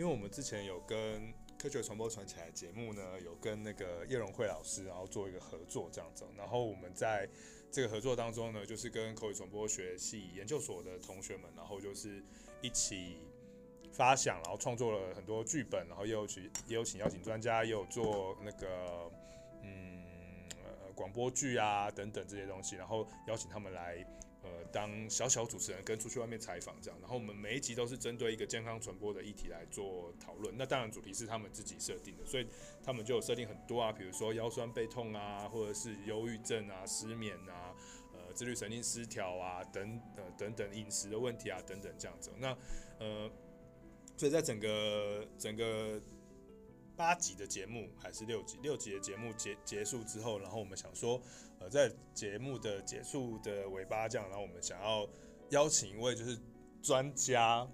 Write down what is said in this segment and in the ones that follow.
因為我們之前有跟科學傳播傳起來的節目呢，有跟那個葉蓉慧老師，然後做一個合作這樣子。然後我們在這個合作當中呢，就是跟口語傳播學系研究所的同學們，然後就是一起發想，然後創作了很多劇本，然後也有去也有請邀請專家，也有做那個嗯、呃、廣播劇啊等等這些東西，然後邀請他們來。當小小主持人跟出去外面採訪這樣，然後我們每一集都是針對一個健康傳播的議題來做討論。那當然主題是他們自己設定的，所以他們就有設定很多啊，比如說腰痠背痛啊，或者是憂鬱症啊、失眠啊、呃自律神經失調啊等等、呃、等等飲食的問題啊等等這樣子。那呃，所以在整個整個八集的節目還是六集六集的節目結結束之後，然後我們想說。呃，在節目的結束的尾巴這樣，然後我們想要邀請一位就是專家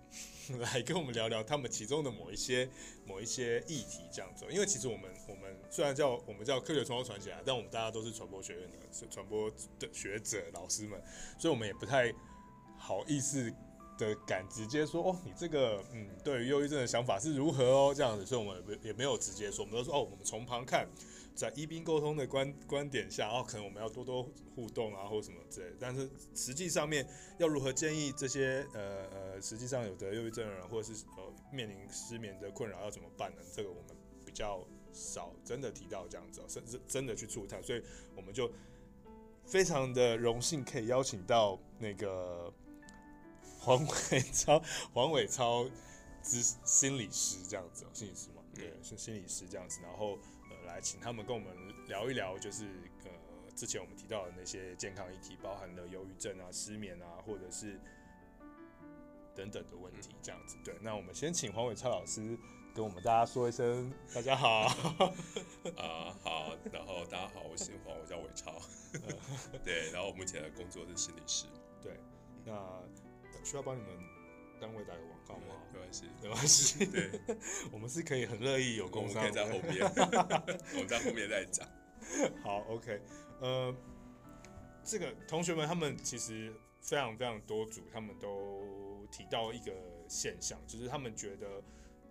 來跟我們聊聊他們其中的某一些某一些議題這樣子，因為其實我們我們雖然叫我們叫科學傳播傳起來，但我們大家都是傳播學院的，是傳播的學者老師們，所以我們也不太好意思的敢直接說哦，你這個嗯，對於憂鬱症的想法是如何哦這樣子，所以我們也也沒有直接說，我們都說哦，我們從旁看，在醫病溝通的觀觀點下，哦，可能我們要多多互動啊，或什麼之類。但是實際上面要如何建議這些呃呃，實際上有得憂鬱症的人，或者是呃面臨失眠的困擾，要怎麼辦呢？這個我們比較少真的提到這樣子，甚至真的去觸探。所以我們就非常的榮幸可以邀請到那個黃暐超，黃暐超之心理師這樣子，心理師嘛，對，是、嗯、心理師這樣子，然後。來，請他們跟我們聊一聊，就是呃，之前我們提到的那些健康議題，包含了憂鬱症啊、失眠啊，或者是等等的問題，嗯、這樣子。對，那我們先請黃暐超老師跟我們大家說一聲， 大家好。啊、呃，好。然後大家好，我姓黃，我叫暐超。 呃、對，然後我目前的工作是心理師。對，那需要幫你們單位打個廣告嗎？嗯、沒關係，沒關係。 我們是可以很樂意有工商在後面， 我們在後面再講。好，OK，呃，這個同學們他們其實非常非常多組，他們都提到一個現象，就是他們覺得，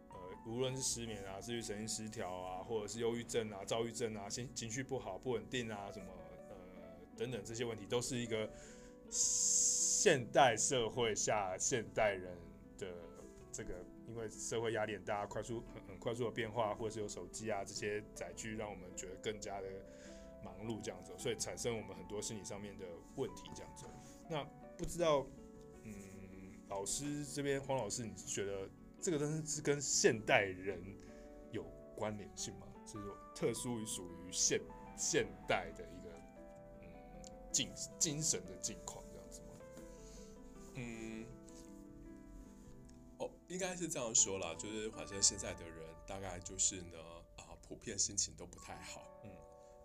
呃、無論是失眠啊、自律神經失調啊，或者是憂鬱症啊、躁鬱症啊、情緒不好不穩定啊，什麼、呃、等等這些問題，都是一個。現代社會下，現代人的這個，因為社會壓力很大，大快速很很快速的變化，或者是有手機啊這些載具，讓我們覺得更加的忙碌，這樣子，所以產生我們很多心理上面的問題，這樣子。那不知道，嗯，老師這邊黃老師，你覺得這個真的是跟現代人有關聯性嗎？就是說特殊於屬於現現代的一個嗯精精神的境況？嗯，哦，oh, 應該是這樣說啦，就是反正現在的人大概就是呢，啊，普遍心情都不太好，嗯，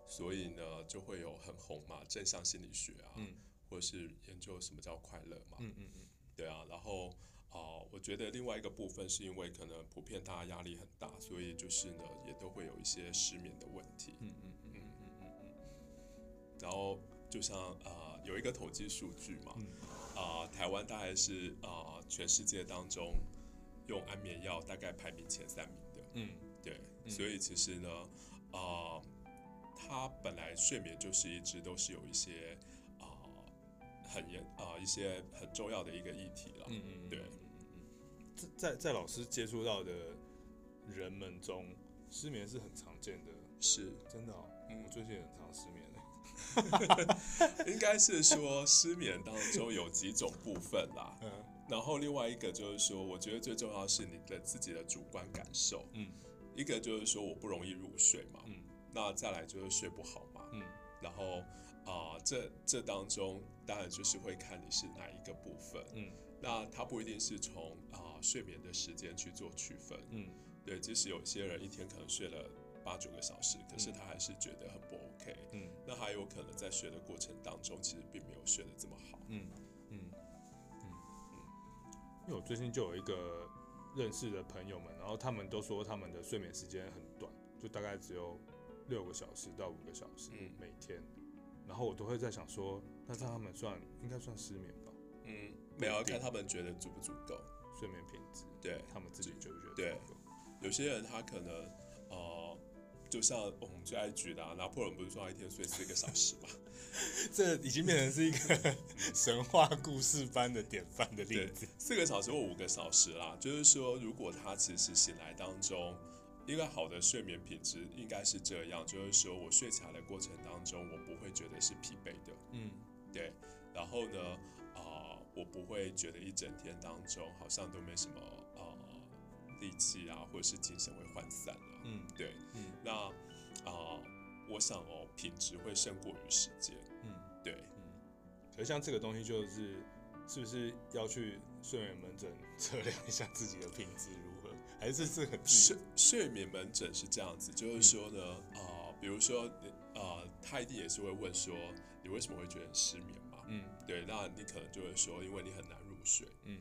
所以呢就會有很紅嘛，正向心理學啊，嗯、或是研究什麼叫快樂嘛，嗯嗯嗯，嗯嗯對啊，然後啊，我覺得另外一個部分是因為可能普遍大家壓力很大，所以就是呢也都會有一些失眠的問題，嗯嗯嗯嗯嗯嗯，嗯嗯嗯嗯然後就像啊、呃、有一個統計數據嘛。嗯啊、呃，台灣大概是啊、呃，全世界當中用安眠藥大概排名前三名的。嗯，對。嗯、所以其實呢，啊、呃，他本來睡眠就是一直都是有一些啊、呃、很嚴啊、呃、一些很重要的一個議題了。嗯嗯。對。在在在老師接觸到的人們中，失眠是很常見的。是，真的、哦。嗯、我最近也很常失眠。 應該是說失眠當中有幾種部分啦，然後另外一個就是說，我覺得最重要的是你的自己的主觀感受，嗯，一個就是說我不容易入睡嘛，嗯，那再來就是睡不好嘛，嗯，然後啊、呃，這這當中當然就是會看你是哪一個部分，嗯，那它不一定是從啊、呃、睡眠的時間去做區分，嗯，對，即使有些人一天可能睡了，八九個小時，可是他還是覺得很不 OK。嗯，那還有可能在學的過程當中，其實並沒有學得這麼好。嗯嗯嗯嗯。因為我最近就有一個認識的朋友們，然後他們都說他們的睡眠時間很短，就大概只有六個小時到五個小時每天。嗯、然後我都會在想說，那他們算應該算失眠吧？嗯，沒有，要看他們覺得足不足夠睡眠品質。對，他們自己覺不覺得。對，有些人他可能哦。呃就像我們最愛舉的、啊、拿破崙，不是說他一天睡四個小時嗎？ 這已經變成是一個神話故事般的典範的例子。 四個小時或五個小時啦，就是說，如果他其實醒來當中，一個好的睡眠品質應該是這樣，就是說我睡起來的過程當中，我不會覺得是疲憊的。嗯，對。然後呢，啊、呃，我不會覺得一整天當中好像都沒什麼。力氣啊，或者是精神會渙散了。嗯，對。嗯，那啊、呃，我想哦，品質會勝過於時間。嗯，對。嗯，可是像這個東西，就是是不是要去睡眠門診測量一下自己的品質如何？對還是是很睡睡眠門診是這樣子，就是說呢，啊、嗯呃，比如說呃，泰迪也是會問說，你為什麼會覺得失眠嘛？嗯，對。那你可能就會說，因為你很難入睡。嗯。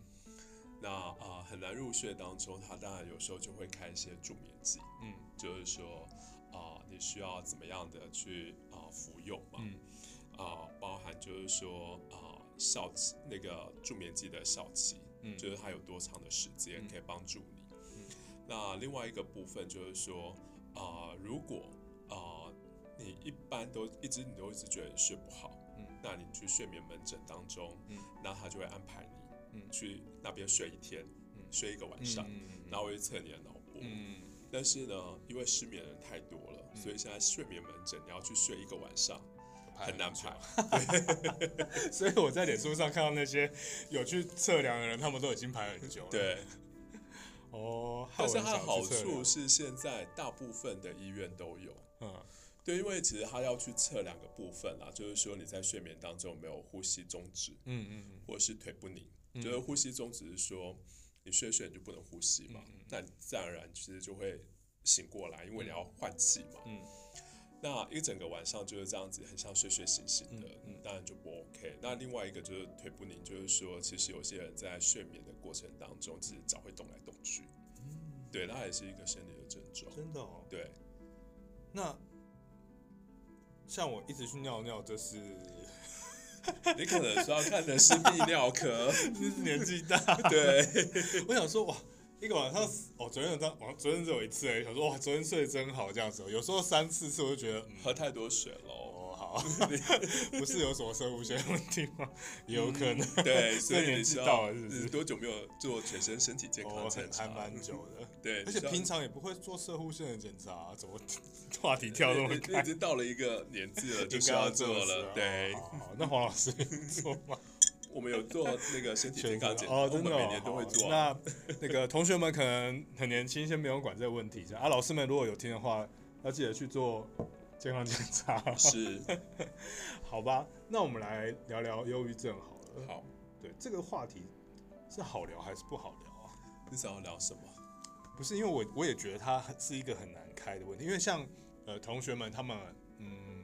那啊、呃，很難入睡當中，他當然有時候就會開一些助眠劑，嗯，就是說啊、呃，你需要怎麼樣的去啊、呃、服用嘛，嗯，啊、呃，包含就是說啊效期那個助眠劑的效期，嗯、就是它有多長的時間可以幫助你。嗯嗯、那另外一個部分就是說啊、呃，如果啊、呃、你一般都一直你都一直覺得你睡不好，嗯，那你去睡眠門診當中，嗯，那他就會安排你。去那邊睡一天，睡一個晚上，然後去測你的腦波。嗯，但是呢，因為失眠的人太多了，所以現在睡眠門診你要去睡一個晚上，很難排。所以我在臉書上看到那些有去測量的人，他們都已經排很久了。對，哦。但是它好處是現在大部分的醫院都有。嗯，對，因為其實他要去測兩個部分啦，就是說你在睡眠當中沒有呼吸中止，嗯嗯，或是腿不寧。嗯、就是呼吸中，只是說你睡睡你就不能呼吸嘛，那、嗯嗯、自然而然其實就會醒過來，因為你要換氣嘛。嗯、那一整個晚上就是這樣子，很像睡睡醒醒的，嗯，嗯當然就不 OK。那另外一個就是腿不寧，就是說其實有些人在睡眠的過程當中，自己腳會動來動去。嗯。對，它也是一個生理的症狀。真的。哦，對。那像我一直去尿尿，就是。你可能說要看的是泌尿科。 年紀大。對， 我想說，哇，一個晚上哦，昨天晚上，昨天只有一次哎，想說哇，昨天睡得真好這樣子。有時候三四次我就覺得、嗯、喝太多水囉。不是有什麼攝護腺的問題嗎？有可能，對，所以你知道你多久沒有做全身身體健康檢查？還蠻久的，對，而且平常也不會做攝護腺的檢查，怎麼話題跳這麼開？已經到了一個年紀了，就是要做了，對。好，那黃老師做嗎？我們有做那個身體健康檢查，真的每年都會做。那那個同學們可能很年輕，先不用管這個問題，啊。老師們如果有聽的話，要記得去做。健康檢查是， 好吧，那我們來聊聊憂鬱症好了。好，對，這個話題是好聊還是不好聊啊？你想要聊什麼？不是，因為我我也覺得它是一個很難開的問題，因為像呃同學們他們嗯，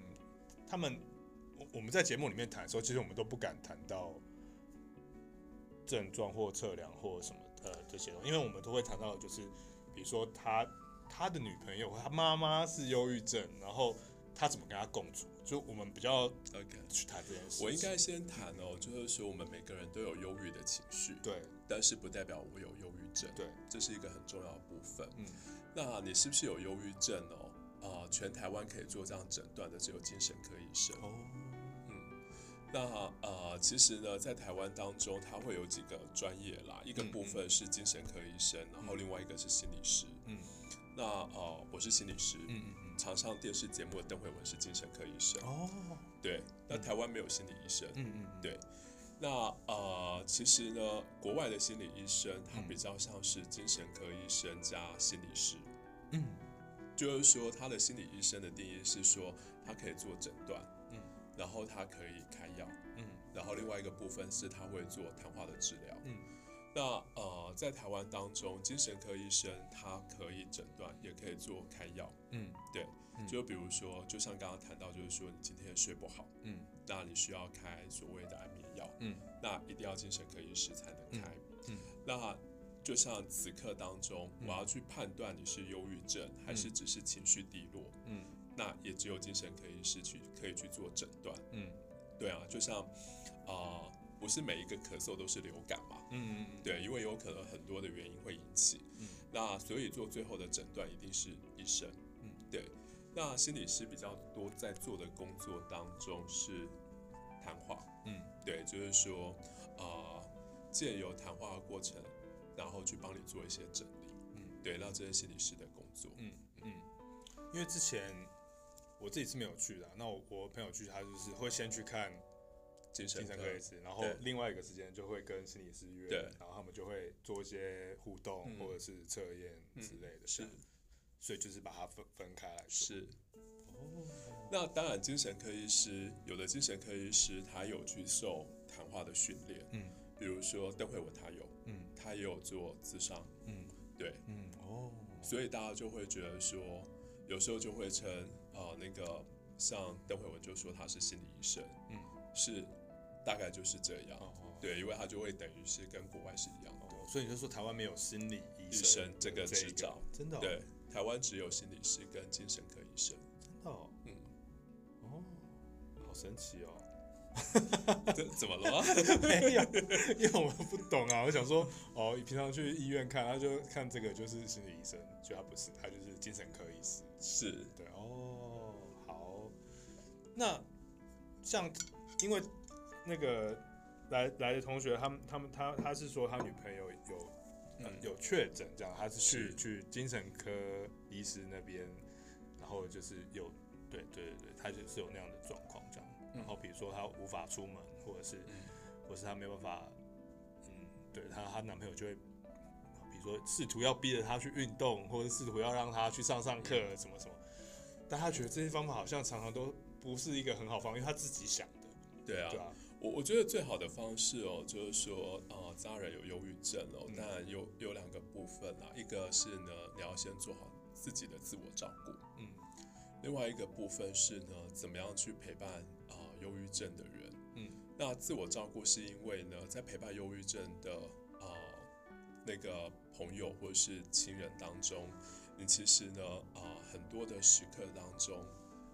他們我我們在節目裡面談的時候，其實我們都不敢談到症狀或測量或什麼呃這些東西，因為我們都會談到就是比如說他。他的女朋友，他媽媽是憂鬱症，然後他怎麼跟他共處？就我們比較去談這件事。Okay, 我應該先談哦，嗯、就是說我們每個人都有憂鬱的情緒，對，但是不代表我有憂鬱症，對，這是一個很重要的部分。嗯，那你是不是有憂鬱症哦？啊、呃，全台灣可以做這樣診斷的只有精神科醫生哦。嗯，那呃，其實呢，在台灣當中，他會有幾個專業啦，一個部分是精神科醫生，嗯嗯然後另外一個是心理師。嗯。那呃，我是心理師，嗯嗯嗯，常上電視節目的鄧惠文是精神科醫生哦，對。那台灣沒有心理醫生，嗯，嗯嗯，對。那呃，其實呢，國外的心理醫生他比較像是精神科醫生加心理師，嗯，就是說他的心理醫生的定義是說他可以做診斷，嗯，然後他可以開藥，嗯，嗯，然後另外一個部分是他會做談話的治療，嗯。那呃，在台灣當中，精神科醫生他可以診斷，也可以做開藥。嗯，對，就比如說，嗯、就像剛剛談到，就是說你今天睡不好，嗯，那你需要開所謂的安眠藥，嗯，那一定要精神科醫師才能開，嗯，嗯那就像此刻當中，嗯、我要去判斷你是憂鬱症還是只是情緒低落，嗯，嗯那也只有精神科醫師去可以去做診斷，嗯，對啊，就像啊。呃不是每一個咳嗽都是流感嘛？嗯，嗯，嗯，對，因為有可能很多的原因會引起。嗯、那所以做最後的診斷一定是醫生。嗯，對。那心理師比較多在做的工作當中是談話。嗯，對，就是說，呃，借由談話的過程，然後去幫你做一些整理。嗯，對，那這是心理師的工作。嗯嗯。嗯因為之前我自己是沒有去的、啊，那我我朋友去，他就是會先去看。精神科醫師，然後另外一個時間就會跟心理師約，對然後他們就會做一些互動或者是測驗之類的，事、嗯。嗯、所以就是把它分分開來。是，哦，那當然精神科醫師，有的精神科醫師他有去受談話的訓練，嗯、比如說鄧惠文他有，嗯、他也有做諮商，嗯、對、嗯，哦，所以大家就會覺得說，有時候就會稱、呃、那個像鄧惠文就說他是心理醫生，嗯，是。大概就是這樣，哦哦對，因為他就會等於是跟國外是一樣的，對對所以你就說台灣沒有心理醫生，醫生個這個執照，真的、哦？對，台灣只有心理師跟精神科醫生。真的、哦？嗯。哦，好神奇哦。哈， 怎麼了、啊？因 沒有，因為我不懂啊，我想說，哦，平常去醫院看，他就看這個，就是心理醫生，結果他不是，他就是精神科醫師。是。對哦，好。那像因為。那個來來的同學，他們他們他他，他是說他女朋友有、嗯、有確診這樣，他是去是去精神科醫師那邊，然後就是有對對對，他就是有那樣的狀況這樣。然後比如說他無法出門，或者是，嗯、或者是他沒有辦法，嗯，對，他他男朋友就會，比如說試圖要逼着他去運動，或者試圖要讓他去上上課什麼什麼，嗯、但他覺得這些方法好像常常都不是一個很好方法，因為他自己想的。對啊。對啊我覺得最好的方式哦，就是說，呃，家人有憂鬱症哦，當然有有兩個部分啦，一個是呢，你要先做好自己的自我照顧，嗯，另外一個部分是呢，怎麼樣去陪伴啊，呃、憂鬱症的人，嗯，那自我照顧是因為呢，在陪伴憂鬱症的啊、呃、那個朋友或者是親人當中，你其實呢，啊、呃，很多的時刻當中，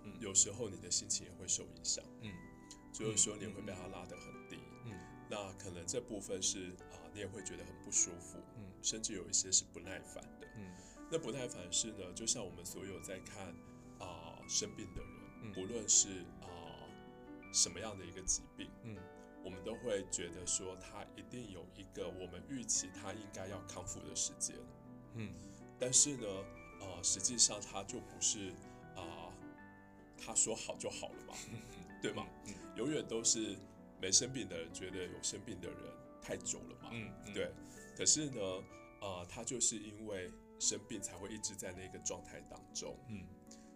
嗯，有時候你的心情也會受影響，嗯。就是說你會被他拉得很低，嗯嗯嗯、那可能這部分是啊、呃，你也會覺得很不舒服，嗯、甚至有一些是不耐煩的，嗯、那不耐煩是呢，就像我們所有在看啊、呃、生病的人，無論、嗯、是啊、呃、什麼樣的一個疾病，嗯、我們都會覺得說他一定有一個我們預期他應該要康復的時間，嗯，但是呢，呃，實際上他就不是啊、呃，他說好就好了嘛， 對嗎？嗯嗯永遠都是沒生病的人覺得有生病的人太久了嘛，嗯嗯，對。可是呢，啊、呃，他就是因為生病才會一直在那個狀態當中，嗯。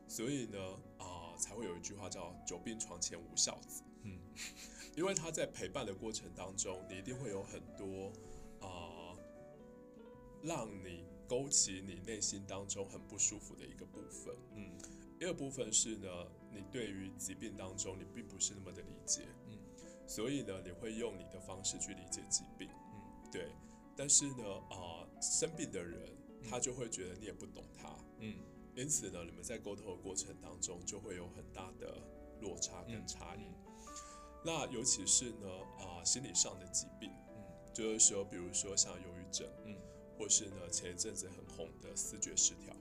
所以呢，啊、呃，才會有一句話叫“久病床前無孝子”，嗯。因為他在陪伴的過程當中，你一定會有很多啊、呃，讓你勾起你內心當中很不舒服的一個部分，嗯。第二部分是呢，你對於疾病當中你並不是那麼的理解，嗯，所以呢，你會用你的方式去理解疾病，嗯，對，但是呢，啊、呃，生病的人、嗯、他就會覺得你也不懂他，嗯，因此呢，你們在溝通的過程當中就會有很大的落差跟差異，嗯、那尤其是呢，啊、呃，心理上的疾病，嗯，就是說，比如說像憂鬱症，嗯，或是呢，前一陣子很紅的思覺失調。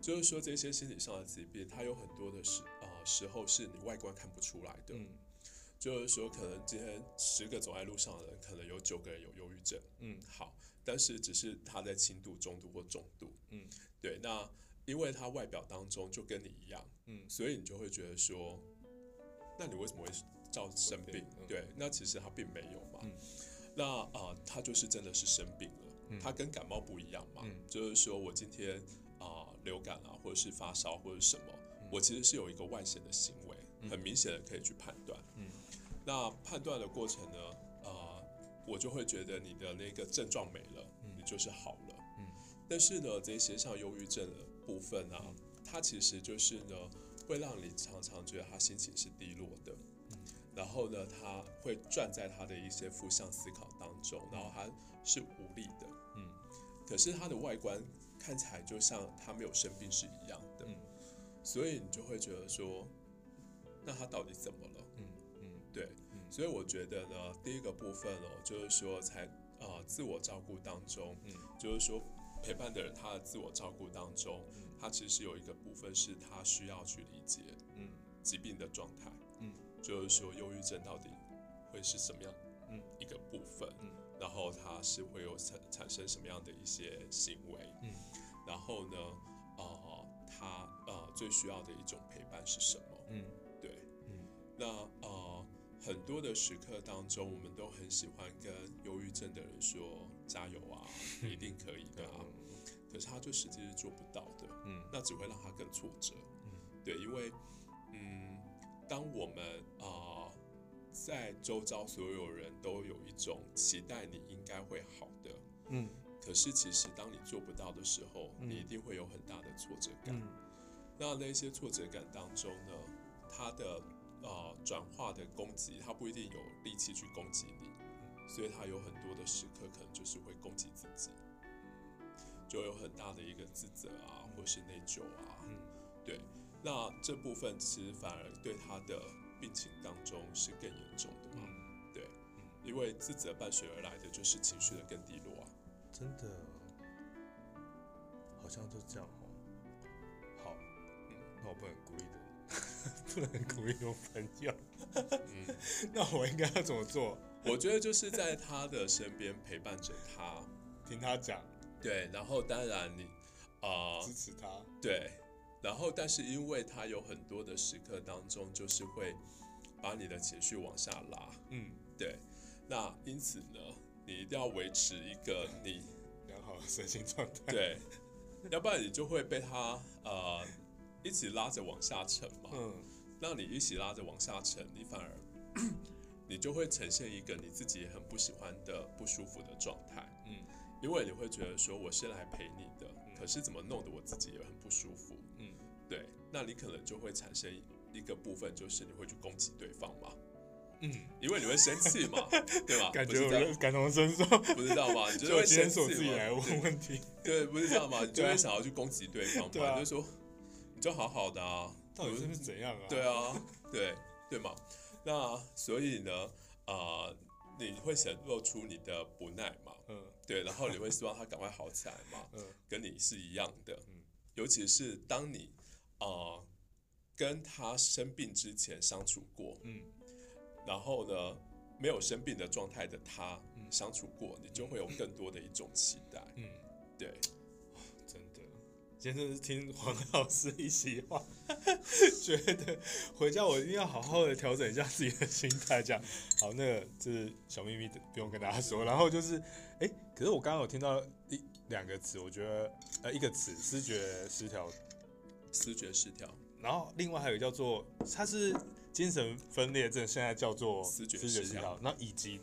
就是說，這些心理上的疾病，它有很多的時、呃、時候是你外觀看不出來的。嗯、就是說，可能今天十個走在路上的人，可能有九個人有憂鬱症。嗯，好，但是只是他在輕度、中度或重度。嗯，對，那因為他外表當中就跟你一樣。嗯，所以你就會覺得說，那你為什麼會造生病？嗯、對，那其實他並沒有嘛。嗯、那啊，他、呃、就是真的是生病了。他跟感冒不一樣嘛。嗯、就是說我今天。流感啊，或者是發燒，或者什麼，嗯、我其實是有一個外顯的行為，嗯、很明顯的可以去判斷。嗯，那判斷的過程呢，啊、呃，我就會覺得你的那個症狀沒了，嗯、你就是好了。嗯，但是呢，這些像憂鬱症的部分啊，它其實就是呢，會讓你常常覺得他心情是低落的，嗯、然後呢，他會轉在他的一些負向思考當中，然後他是無力的。嗯，可是他的外觀。看起來就像他沒有生病是一樣的，嗯，所以你就會覺得說，那他到底怎麼了？嗯嗯，嗯對。嗯、所以我覺得呢，第一個部分嘍，喔，就是說在呃自我照顧當中，嗯，就是說陪伴的人他的自我照顧當中，嗯、他其實有一個部分是他需要去理解，嗯，疾病的狀態，嗯，就是說憂鬱症到底會是什麼樣，嗯，一個部分。嗯然後他是會有產產生什麼樣的一些行為？嗯、然後呢，啊、呃，他、呃、最需要的一種陪伴是什麼？嗯，對，嗯，那呃很多的時刻當中，我們都很喜歡跟憂鬱症的人說加油啊，嗯、一定可以的啊，嗯、可是他就實際是做不到的，嗯、那只會讓他更挫折，嗯，對，因為嗯，當我們啊。呃在週遭所有人都有一種期待，你應該會好的。嗯，可是其實當你做不到的時候，嗯，你一定會有很大的挫折感。嗯，那那些挫折感當中呢，他的呃轉化的攻擊，他不一定有力氣去攻擊你，所以他有很多的時刻可能就是會攻擊自己，就有很大的一個自責啊，或是內疚啊。嗯，對，那這部分其實反而對他的。病情當中是更嚴重的嘛？嗯、對、嗯，因為自責伴隨而來的就是情緒的更低落、啊。真的，好像就這樣哦。好、嗯，那我不能鼓勵的， 不能鼓勵我朋友。嗯， 那我應該要怎麼做？ 我覺得就是在他的身邊陪伴着他，聽他講。對，然後當然你啊、呃、支持他。對。然後，但是因為他有很多的時刻當中，就是會把你的情緒往下拉，嗯，對。那因此呢，你一定要維持一個你良好的身心狀態，對。要不然你就會被他呃一起拉着往下沉嘛，嗯。那你一起拉着往下沉，你反而你就會呈現一個你自己很不喜歡的不舒服的狀態，嗯。因為你會覺得說，我是來陪你的。可是怎麼弄得我自己也很不舒服，嗯，對，那你可能就會產生一個部分，就是你會去攻擊對方嘛，嗯，因為你會生氣嘛， 對吧？感覺我感同身受，不知道嘛，你就會先從自己來問問題，對，不是這樣嗎？你就會想要去攻擊對方嘛，對啊、你就說你就好好的啊， 到底是，是怎樣啊？對啊，對對嘛，那所以呢，啊、呃，你會顯露出你的不耐嘛？對，然後你會希望他趕快好起來嘛，嗯，跟你是一樣的。嗯，尤其是當你啊、呃、跟他生病之前相處過，嗯，然後呢，沒有生病的狀態的他相處過，你就會有更多的一種期待。嗯，對。今天就是聽黃老師一席話呵呵，覺得回家我一定要好好的調整一下自己的心態。這樣好，那個、就是小秘密，不用跟大家說。然後就是，哎、欸，可是我剛剛有聽到一兩個詞，我覺得呃一個詞，思覺失調，思覺失調。然後另外還有叫做，它是精神分裂症，現在叫做思覺失調，那以及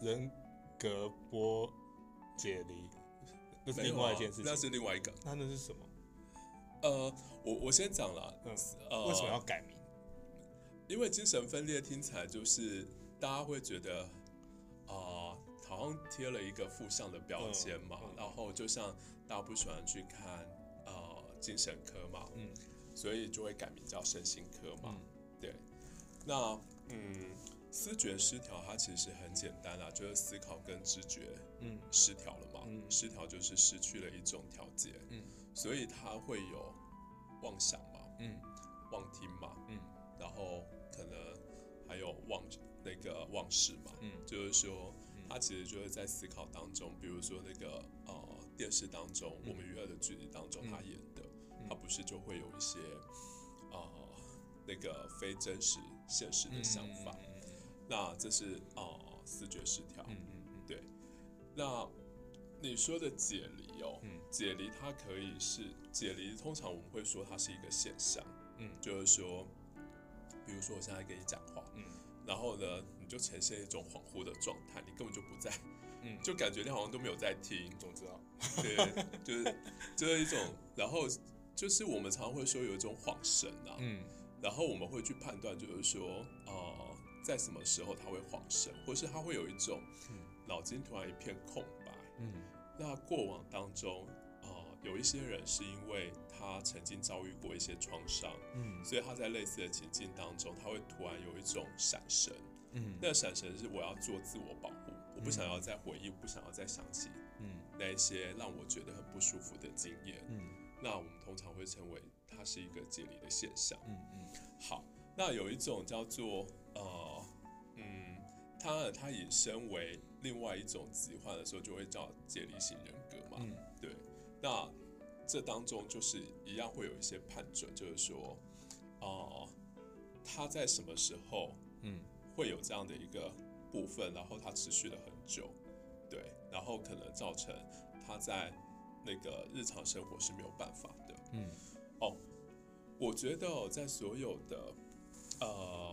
人格波解離那是另外一件事情。啊、那是另外一個。那那是什麼？呃，我我先講了。嗯、呃為什麼要改名？因為精神分裂聽起來就是大家會覺得啊、呃，好像貼了一個負向的標籤嘛。嗯嗯、然後就像大家不喜歡去看呃精神科嘛，嗯、所以就會改名叫身心科嘛。嗯、對，那嗯。思覺失調，它其實很簡單啊，就是思考跟知覺，失調了嘛。嗯、失調就是失去了一種調節，嗯、所以它會有妄想嘛，嗯，妄聽嘛，嗯，然後可能還有妄那個妄視嘛，嗯、就是說他其實就是在思考當中，比如說那個呃電視當中，嗯、我們娛樂的劇集當中他演的，他、嗯嗯、不是就會有一些、呃、那個非真實現實的想法。嗯嗯嗯嗯那這是哦，思、呃、覺失調。嗯嗯，嗯對。那你說的解離哦、喔，嗯、解離它可以是，解離通常我們會說它是一個現象。嗯，就是說，比如說我現在跟你講話，嗯，然後呢，你就呈現一種恍惚的狀態，你根本就不在，嗯，就感覺你好像都沒有在聽，總之啊，對， 就是就是一種，然後就是我們常常會說有一種恍神啊，嗯，然後我們會去判斷，就是說啊。呃在什麼時候他會恍神，或是他會有一種腦筋突然一片空白？嗯、那過往當中，呃，有一些人是因為他曾經遭遇過一些創傷，嗯、所以他在類似的情境當中，他會突然有一種閃神，嗯、那閃神是我要做自我保護，我不想要再回憶，不想要再想起，那一些讓我覺得很不舒服的經驗，嗯、那我們通常會稱為它是一個解離的現象，嗯嗯，好，那有一種叫做呃。他他引申為另外一種疾患的時候，就會叫解離型人格嘛。嗯、對。那這當中就是一樣會有一些判準，就是說，哦、呃，他在什麼時候，會有這樣的一個部分，嗯、然後他持續了很久，對，然後可能造成他在那個日常生活是沒有辦法的。嗯，哦，我覺得在所有的，呃。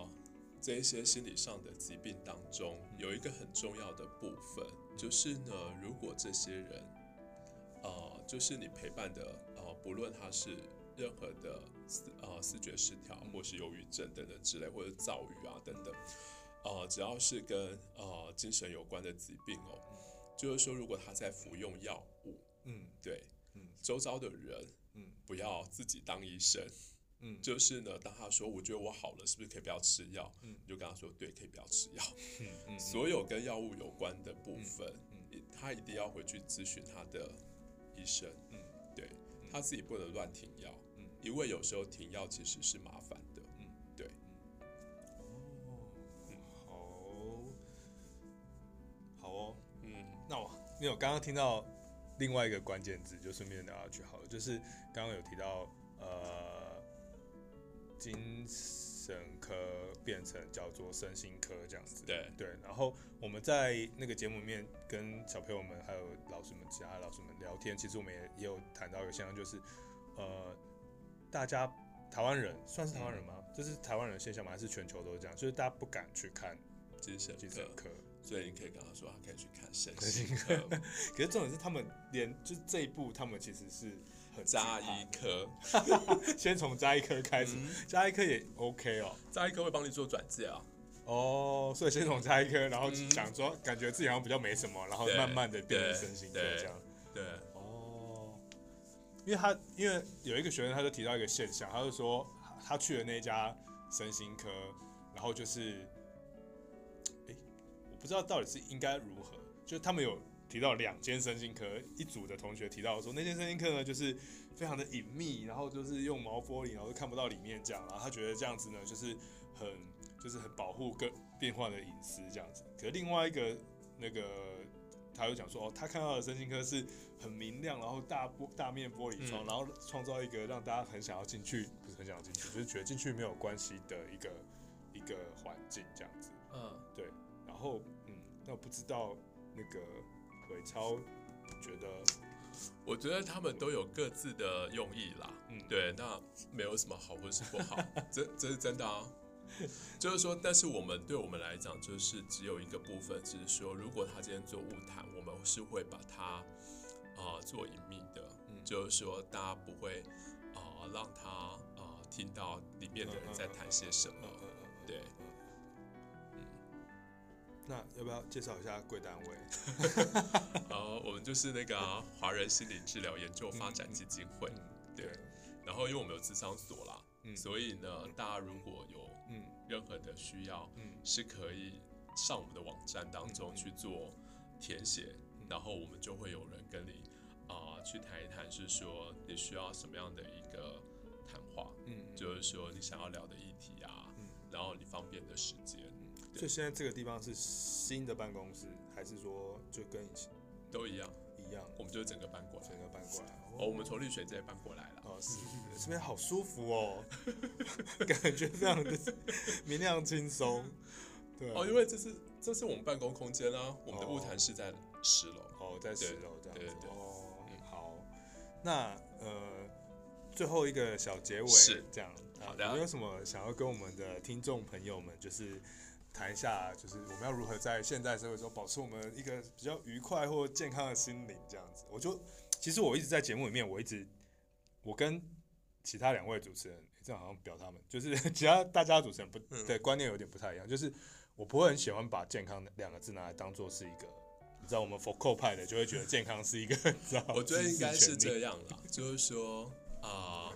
這一些心理上的疾病當中，有一個很重要的部分，就是呢，如果這些人，呃，就是你陪伴的，呃，不論他是任何的思，呃，思覺失調，或是憂鬱症等等之類，或者躁鬱啊等等，呃，只要是跟呃精神有關的疾病哦，就是說，如果他在服用藥物，嗯，對，嗯，周遭的人，嗯，不要自己當醫生。嗯、就是呢，當他說我覺得我好了，是不是可以不要吃藥？你、嗯、就跟他說，對，可以不要吃藥。嗯嗯、所有跟藥物有關的部分，嗯嗯、他一定要回去諮詢他的醫生。嗯，對，他自己不能亂停藥，嗯、因為有時候停藥其實是麻煩的。嗯，對。哦，好，好哦。好哦嗯，那我沒有剛剛聽到另外一個關鍵字，就順便聊下去好了。就是剛剛有提到呃。精神科變成叫做身心科這樣子，對對。然後我們在那個節目裡面跟小朋友們還有老師們、其他老師們聊天，其實我們也，也有談到一個現象，就是，呃，大家台灣人算是台灣人嗎？就、嗯、是台灣人的現象嗎？還是全球都這樣？就是大家不敢去看精神精神科，所以你可以跟他說，他可以去看身心科。嗯、科 可是重點是他們連就這一步，他們其實是。家醫科， 先從家醫科開始。家醫、嗯、科也 OK 哦，家醫科會幫你做轉介啊。哦，所以先從家醫科，然後想說、嗯、感覺自己好像比較沒什麼，然後慢慢的變成身心科這樣。對，對對哦，因為他因為有一個學生，他就提到一個現象，他就說他去了那家身心科，然後就是，欸、我不知道到底是應該如何，就他們有。提到兩間身心科，一組的同學提到說，那間身心科呢，就是非常的隱祕，然後就是用毛玻璃，然後就看不到裡面這樣，然後他覺得這樣子呢就是很就是很保護個病患的隱私這樣子。可是另外一個那個他又講說，哦，他看到的身心科是很明亮，然後大玻大面玻璃窗，嗯、然後創造一個讓大家很想要進去，不是很想要進去，就是覺得進去沒有關係的一個一個環境這樣子。嗯，對，然後嗯，那我不知道那個。暐超覺得，我覺得他們都有各自的用意啦。嗯，對，那沒有什麼好或者是不好，這這 是真的啊。就是說，但是我們對我們來講，就是只有一個部分，就是說，如果他今天做晤談，我們是會把它啊、呃、做隱秘的，嗯、就是說，大家不會啊、呃、讓他啊、呃、聽到裡面的人在談些什麼，對。那要不要介紹一下貴單位？哦 uh, 我們就是那個、啊、華人心理治療研究發展基金會。嗯嗯、對，嗯、然後因為我們有諮商所啦，嗯、所以呢，嗯、大家如果有嗯任何的需要，嗯，是可以上我們的網站當中去做填寫，嗯、然後我們就會有人跟你啊、呃、去談一談，是說你需要什麼樣的一個談話，嗯，就是說你想要聊的議題啊，嗯、然後你方便的時間。所以現在這個地方是新的辦公室，還是說就跟以前都一樣？一樣，我們就整個搬過來，整個搬過來。哦，我們從綠水直接搬過來了。的哦，是這邊好舒服哦， 感覺這樣子明亮、輕鬆。對，哦，因為這是這是我們辦公空間啦、啊。我們的晤談是在十樓。哦，在十樓這樣子。對對,對,對哦，好。那呃，最後一個小結尾是這樣。好的、啊。有沒有什麼想要跟我們的聽眾朋友們就是？談一下，就是我們要如何在現代社會中保持我們一個比較愉快或健康的心靈，這樣子。我就其實我一直在節目裡面，我一直我跟其他兩位主持人、欸，這樣好像表他們就是其他大家的主持人不，嗯、對觀念有點不太一樣，就是我不會很喜歡把健康兩個字拿來當作是一個，你知道我們傅柯派的就會覺得健康是一個，你知道，我覺得應該是這樣了， 就是說啊。Uh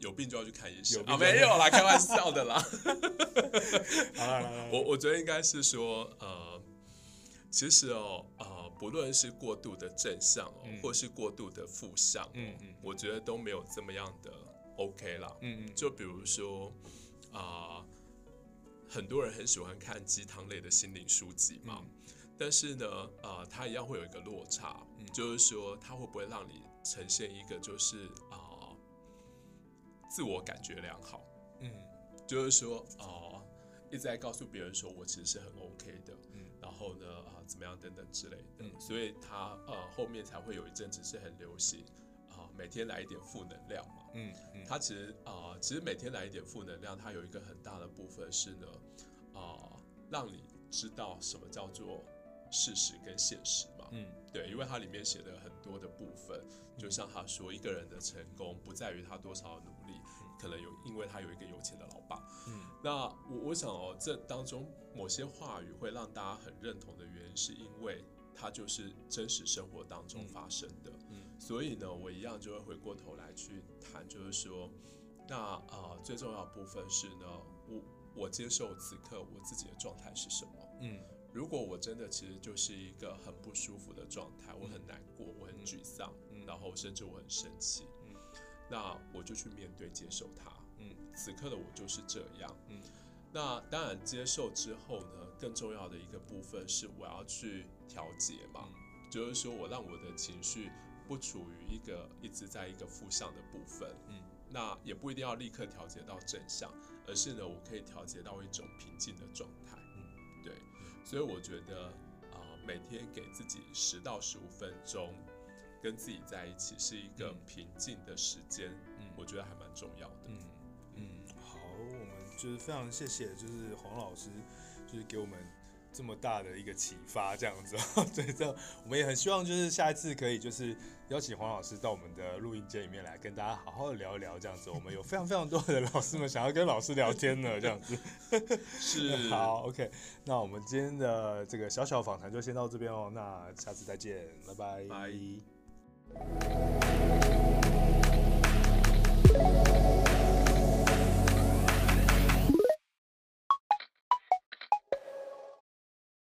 有病就要去看醫生看，啊。沒有啦，開玩笑的啦。了， 我我覺得應該是說，呃，其實哦，呃，不論是過度的正向，哦嗯，或是過度的負向，哦，嗯，我覺得都沒有這麼樣的 OK 啦。嗯嗯就比如說，啊，呃，很多人很喜歡看雞湯類的心理書籍嘛，嗯，但是呢，呃，它一樣會有一個落差，嗯，就是說，它會不會讓你呈現一個就是。自我感覺良好，嗯，就是說啊、呃，一直在告訴別人說我其實是很 OK 的，嗯，然後呢啊、呃，怎麼樣等等之類的，嗯、所以他呃後面才會有一陣子是很流行，啊、呃，每天來一點負能量嘛，嗯嗯，嗯他其實啊、呃、其實每天來一點負能量，它有一個很大的部分是呢啊、呃，讓你知道什麼叫做事實跟現實。嗯，對，因為它裡面寫的很多的部分，就像他說，嗯、一個人的成功不在於他多少努力，嗯、可能有，因為他有一個有錢的老爸。嗯，那我我想哦，這當中某些話語會讓大家很認同的原因，是因為他就是真實生活當中發生的。嗯，嗯嗯，所以呢，我一樣就會回過頭來去談，就是說，那啊、呃，最重要的部分是呢，我我接受此刻我自己的狀態是什麼。嗯。如果我真的其實就是一個很不舒服的狀態，我很難過，我很沮喪，嗯嗯、然後甚至我很生氣，嗯、那我就去面對、接受它。嗯，此刻的我就是這樣。嗯，那當然，接受之後呢，更重要的一個部分是我要去調節嘛，就是說我讓我的情緒不處於一個一直在一個負向的部分。嗯，那也不一定要立刻調節到正向，而是呢，我可以調節到一種平靜的狀態。所以我覺得啊，呃，每天給自己十到十五分鐘跟自己在一起，是一個平靜的時間。嗯，我覺得還蠻重要的。嗯，嗯。好，我們就是非常謝謝，就是黃老師，就是給我們。這麼大的一個啟發，這樣子，所以這我們也很希望，就是下一次可以就是邀請黃老師到我們的錄音間裡面來跟大家好好聊一聊，這樣子，我們有非常非常多的老師們想要跟老師聊天呢，這樣子。是， 好，OK，那我們今天的這個小小訪談就先到這邊哦，那下次再見，拜拜。